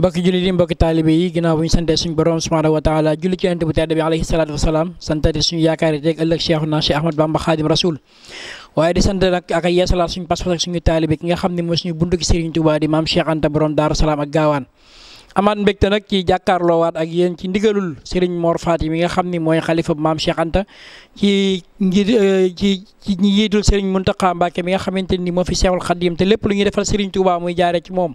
mbokki jullit yi mbokki taalibe yi ginnaaw bu ñu santee suñu borom subhanahu wa julli ci yonent bu tedd bi alayhi salaatu wasalaam santati suñu yaakaar yi teeg ëllëg Cheikhuna Cheikh Ahmad Bamba Xaadim Rasul waaye di sant nag ak yeesalaat suñu pas-pas ak suñu taalibe ki nga xam ne mooy suñu buntu ci Serigne Touba di maam Cheikh Anta borom ak gaawaan amaat mbégte nag ci jàkkaarloowaat ak yéen ci ndigalul Serigne Mor Fati mi nga xam ni mooy xalifa maam Cheikh Anta ci ngir euh, ci ci njiitul Serigne mi nga xamante ni moo fi Cheikhul Khadim te lépp lu ñuy defal Serigne Touba muy jaaree ci moom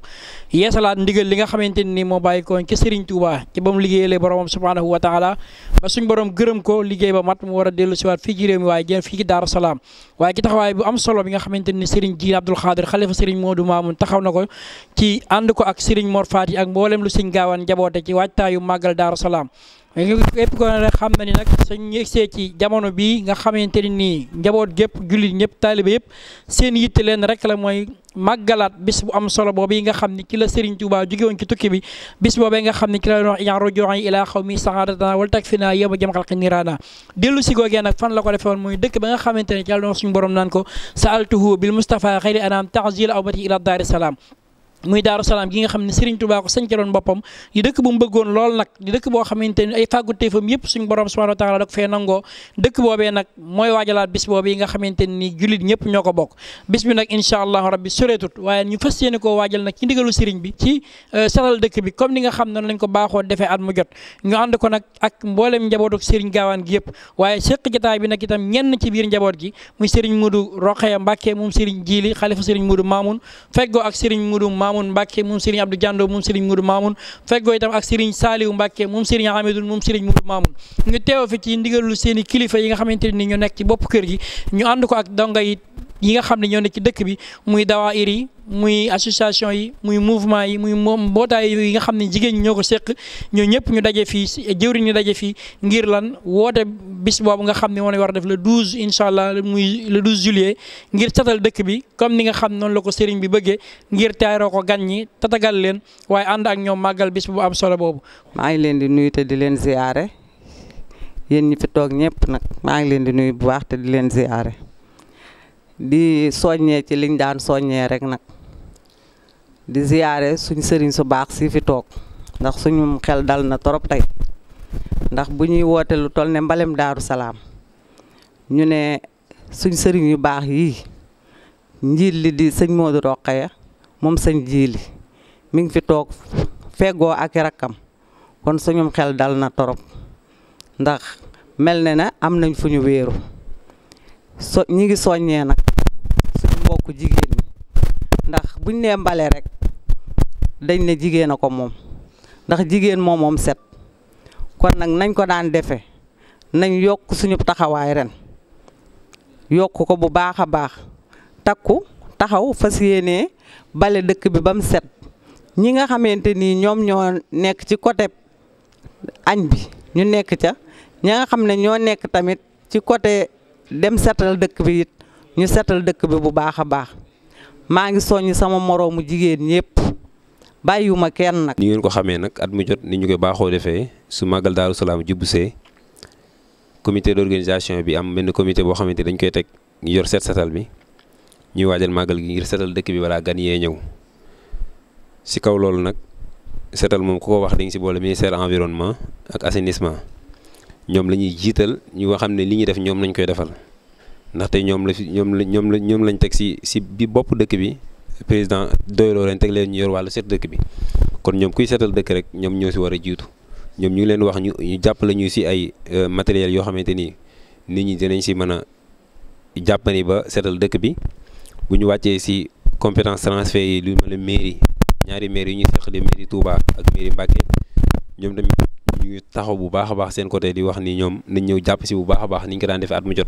yeesalaat li nga xamante ni moo bàyyi ko ci Serigne Touba ci ba mu liggéeyalee boromam subhaanahu wa taala ba suñ borom gërëm ko liggéey ba mat mu war a dellu siwaat fii ci réew mi waaye jën fii ci Daaru Salaam waaye ci taxawaay bu am solo bi nga xamante ni Serigne Jiin Abdul Xaadir xalifa Serigne Modou Mamoun taxaw na ko ci ànd ko lu sëñ gaawaan jaboote ci waajtaayu màggal daaru salaam képp ko ne xam na ni nag suñ yegsee ci jamono bii nga xamante ni nii njaboot gépp jullit ñëpp taaliba yëpp seen yitte leen rek la mooy màggalaat bis bu am solo boobu yi nga xam ni ci la Serigne Touba jóge woon ci tukki bi bis boobee nga xam ne ci la doon wax ian ilaa xaw mi saxaadatana wala tag fi naa yoma jëm xalqi dellu si googee nag fan la ko defee woon mooy dëkk ba nga xamante ne ci la doon wax suñu borom naan ko sa altuhu bil Mustafa xayri muy daaru salaam gi nga xam ne Serigne Touba ko sancaloon boppam di dëkk bu mu bëggoon lool nag di dëkk boo xamante ni ay fàggu téefam yëpp suñu borom subhanahu wa taala da ko fee nangoo dëkk boobee nag mooy waajalaat bis boobu yi nga xamante ni jullit ñëpp ñoo ko bokk bis bi nag incha allahu rabbi soreetut waaye ñu fas yéene ko waajal nag ci ndigalu Serigne bi ci euh, salal dëkk bi comme ni nga xam ne lañ ko baaxoo defee at mu jot ñu ànd ko nag ak mboolem njabootu Serigne Gaawaan gi yëpp waaye sëq jotaay bi nag itam ñenn ci biir njaboot gi muy Serigne Modou Rokhaya Mbacke moom Serigne Jili xalifa Serigne Modou Mamoun feggoo ak Serigne Modou Mamoun Mamoun Mbacke moom Serigne Abdou Diando moom Serigne Moudou Mamoun feggoo itam ak Serigne Saliou Mbacke moom Serigne Hamidoun moom Serigne Moudou Mamoun ñu teew fi ci ndigalul seen i kilifa yi nga xamante ni ñu nekk ci bopp kër gi ñu ànd ko ak donga yi yi nga xam ne ñoo nekk ci dëkk bi muy dawaa iri muy association yi muy mouvement yi muy mbootaay yi nga xam ne jigéen ñi ñoo ko séq ñoo ñëpp ñu daje fii jëwriñ ñu daje fii ngir lan woote bis boobu nga xam ne moo war a def la 12 incha allah muy le 12 juillet ngir tatal dëkk bi comme ni nga xam noonu la ko seriñ bi bëggee ngir taaroo ko gan ñi tatagal leen waaye ànd ak ñoom màggal bis bu am solo boobu. maa ngi leen di nuyu te di leen ziare yéen ñi fi toog ñëpp nag maa ngi leen di nuy bu baax te di leen ziare di soññee ci liñ daan soññee rek nag. di ziyaare suñ sëriñ su baax si fi toog ndax suñu xel dal na torop tey ndax bu ñuy woote lu toll ne mbalem daaru salaam ñu ne suñ sëriñ yu baax yii njiil li di sëñ Modou Rokhaya moom sëñ jiili mi ngi fi toog feggoo ak rakkam kon suñum xel dal na torop ndax mel ne na am nañ fu ñu wéeru so ñi ngi soññee nag suñu mbokk jigéen ñi ndax buñ nee mbale rek dañ ne jigéen a ko moom ndax jigéen moo moom set kon nag nañ ko daan defee nañ yokk suñu taxawaay ren yokk ko bu baax a baax takku taxaw fas yéenee bale dëkk bi bam set ñi nga xamante ni ñoom ñoo nekk ci côté añ bi ñu nekk ca ña nga xam ne ñoo nekk tamit ci côté dem setal dëkk bi it ñu setal dëkk bi bu baax a baax maa ngi soññ sama moroomu jigéen ñépp bàyyiwuma kenn nag. ñu ngeen ko xamee nag at mu jot ni ñu koy baaxoo defee su màggal Daaru Salaam jubbusee comité d'organisation bi am mel ni comité boo xamante dañ koy teg yor set setal bi ñuy waajal màggal gi ngir setal dëkk bi balaa gan ñëw si kaw loolu nag setal moom ko wax dañ si boole ministère environnement ak ñoom la ñuy jiital ñu nga xam ne li ñuy def ñoom lañ koy defal ndaxte ñoom la ñoom la ñoom la ñoom lañ teg si si bi bopp dëkk bi. président doyloo leen teg leen ñu yor wàllu set dëkk bi kon ñoom kuy seetal dëkk rek ñoom ñoo si war a jiitu ñoom ñu ngi leen wax ñu ñu jàppale ñu si ay euh, matériels yoo xamante ni nit ñi dinañ si mën a jàppani ba seetal dëkk bi bu ñu wàccee si compétence transfert yi lu mel ne mairie ñaari mairie yu ñu seq di mairie Touba ak mairie Mbacké ñoom tamit ñu taxaw bu baax a baax seen côté di wax ni ñoom nañ ñëw jàpp si bu baax baax ni ko daan defee at mu jot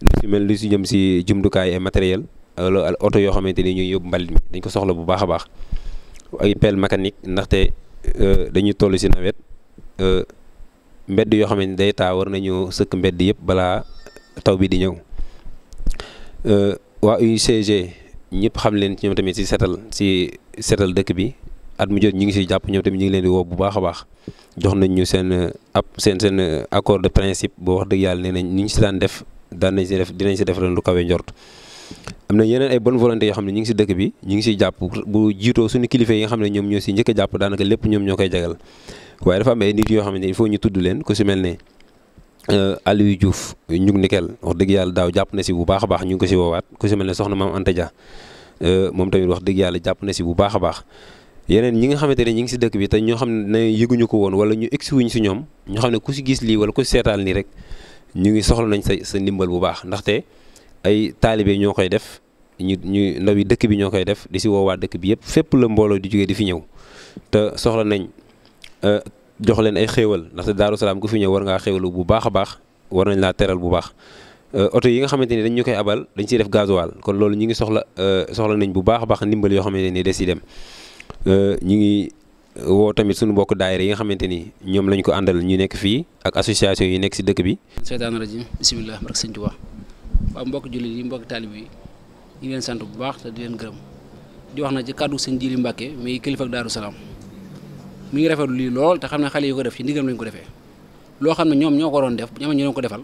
lu si mel lu si jëm si jumtukaay matériel. wala oto yoo xamante ni ñuy yóbbu mbalit mi dañ ko soxla bu baax a baax ay pel mécanique ndaxte euh, dañu toll si nawet euh, mbedd yoo xamante ni day taa war nañu sëkk mbedd yëpp balaa taw bi di ñëw euh, waa UCG ñëpp xam leen ci ñoom tamit si setal si setal dëkk bi at mu jot ñu ngi siy jàpp ñoom tamit ñu ngi leen di woo bu a baax jox nañ ñu seen ab seen seen accord de principe boo wax dëgg yàlla nee nañ ñu ngi si daan def daan nañ dinañ si def leen du kawe njort. am na yeneen ay bonne volonté yoo xam ne ñu ngi si dëkk bi ñu ngi siy jàpp bu jiitoo suñu kilifa yi nga xam ne ñoom ñoo si njëkk jàpp daanaka lépp ñoom ñoo koy jagal waaye dafa am ay nit yoo xam ne il ñu tudd leen ku si mel ne euh, Aliou ñu ngi nikel wax dëgg yàlla daaw jàpp na si bu baax baax ñu ngi ko si woowaat ku si mel ne soxna maam Anta Dia euh, moom tamit wax dëgg yàlla jàpp na si bu baax a baax yeneen ñi nga xamante ne ñu ngi si dëkk bi te ñoo xam ne yëguñu ko woon wala ñu egsi wuñ si ñoom ñoo xam ne ku si gis lii wala ku si seetaan nii rek ñu ngi soxla nañ sa sa ndimbal bu baax ndaxte ay taalibee ñoo koy def ñu ñu ndaw yi dëkk bi ñoo koy def di si woowaa dëkk bi yëpp fépp la mbooloo di jógee di fi ñëw te soxla nañ euh, jox leen ay xéewal ndaxte Daaru Salaam ku fi ñëw war ngaa xéewalu bu baax a baax war nañ laa teral bu baax euh, oto yi nga xamante ni dañ ñu koy abal dañ siy def gasoil kon loolu ñu ngi soxla euh, soxla nañ bu baax a baax ndimbal yoo xamante ni des si dem ñu ngi woo tamit suñu mbokk daayira yi nga xamante ni ñoom lañ ko àndal ñu nekk fii ak association yi nekk si dëkk bi. seytaan rajim bisimilah barke sëñ Tuubaa waaw mbokk jullit yi mbokk taalib yi ñu leen sant bu baax te di leen gërëm di wax na ci kàddu sëñ Jili Mbàkke mi kilifa ak Daaru Salaam mi ngi rafetlu lii lool te xam ne xale yi ko def ci ndigal lañ ko defee loo xam ne ñoom ñoo ko waroon def ñama ñu ko defal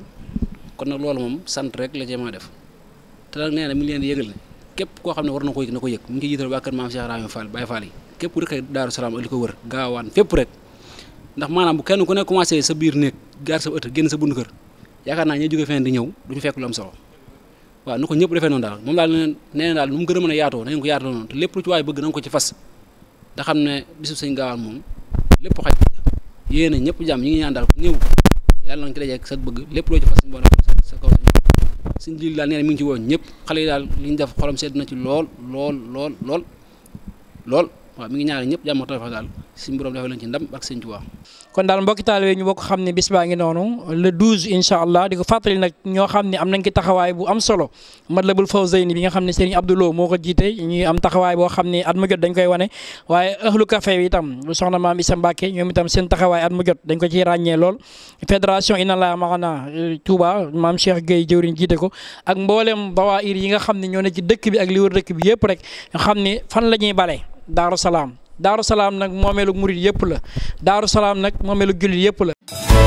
kon nag loolu moom sant rek la jéem def te nag mi leen di yëgal ne koo xam ne war na ko yëg ko yëg mi ngi jiital waa kër maam Cheikh Rahim Fall Baye Fall yi képp ku dëkk ak li ko wër gaawaan fépp rek ndax maanaam bu kenn ku ne commencé sa biir néeg gaar sa ëtt génn sa bundu kër yaakaar naa ñuy jóge feneen di ñëw du ñu fekk lu am solo waaw nu ko ñëpp defee noonu daal moom daal nee na daal nu mu gën a mën a yaatoo na ngeen ko yaatoo noonu te lépp lu ci waay bëgg na nga ko ci fas da ne bisu sëñ gaawaan moom lépp xaj yéen a ñëpp jàmm ñi ngi ñaan daal ku ñëw yàlla nañ ci dajee ak sa bëgg lépp loo ci fas mboolem sa kaw sëñ Jiili daal nee na mi ngi ci woon ñëpp xale yi daal li ñu def xolam sedd na ci lool lool lool lool lool waaw mi ngi ñaar ñëpp jàmm tawfeex daal suñu borom defal leen ci ndam xam ne bis baa ngi noonu le 12 incha allah di ko fàttali nag ñoo xam ne am nañ ci taxawaay bu am solo Matlabul Fawzayni bi nga xam ne Serigne Abdou Lo moo ko jiite ñuy am taxawaay boo xam ne at mu jot dañ koy wane waaye ahlu café bi itam soxna maam Issa Mbacke ñoom itam seen taxawaay at mu jot dañ ko ci ràññee lool fédération Inna Allaha Maana euh, Touba maam Cheikh Gueye jëwriñ jiite ko ak mboolem dawaayir yi nga xam ne ñoo ne ci dëkk bi ak li wër dëkk bi yëpp rek xam ne fan la ñuy bale daaru salaam daaru salaam nag moomeelu murit yëpp la daaru salaam nag moomeelu jullit yëpp la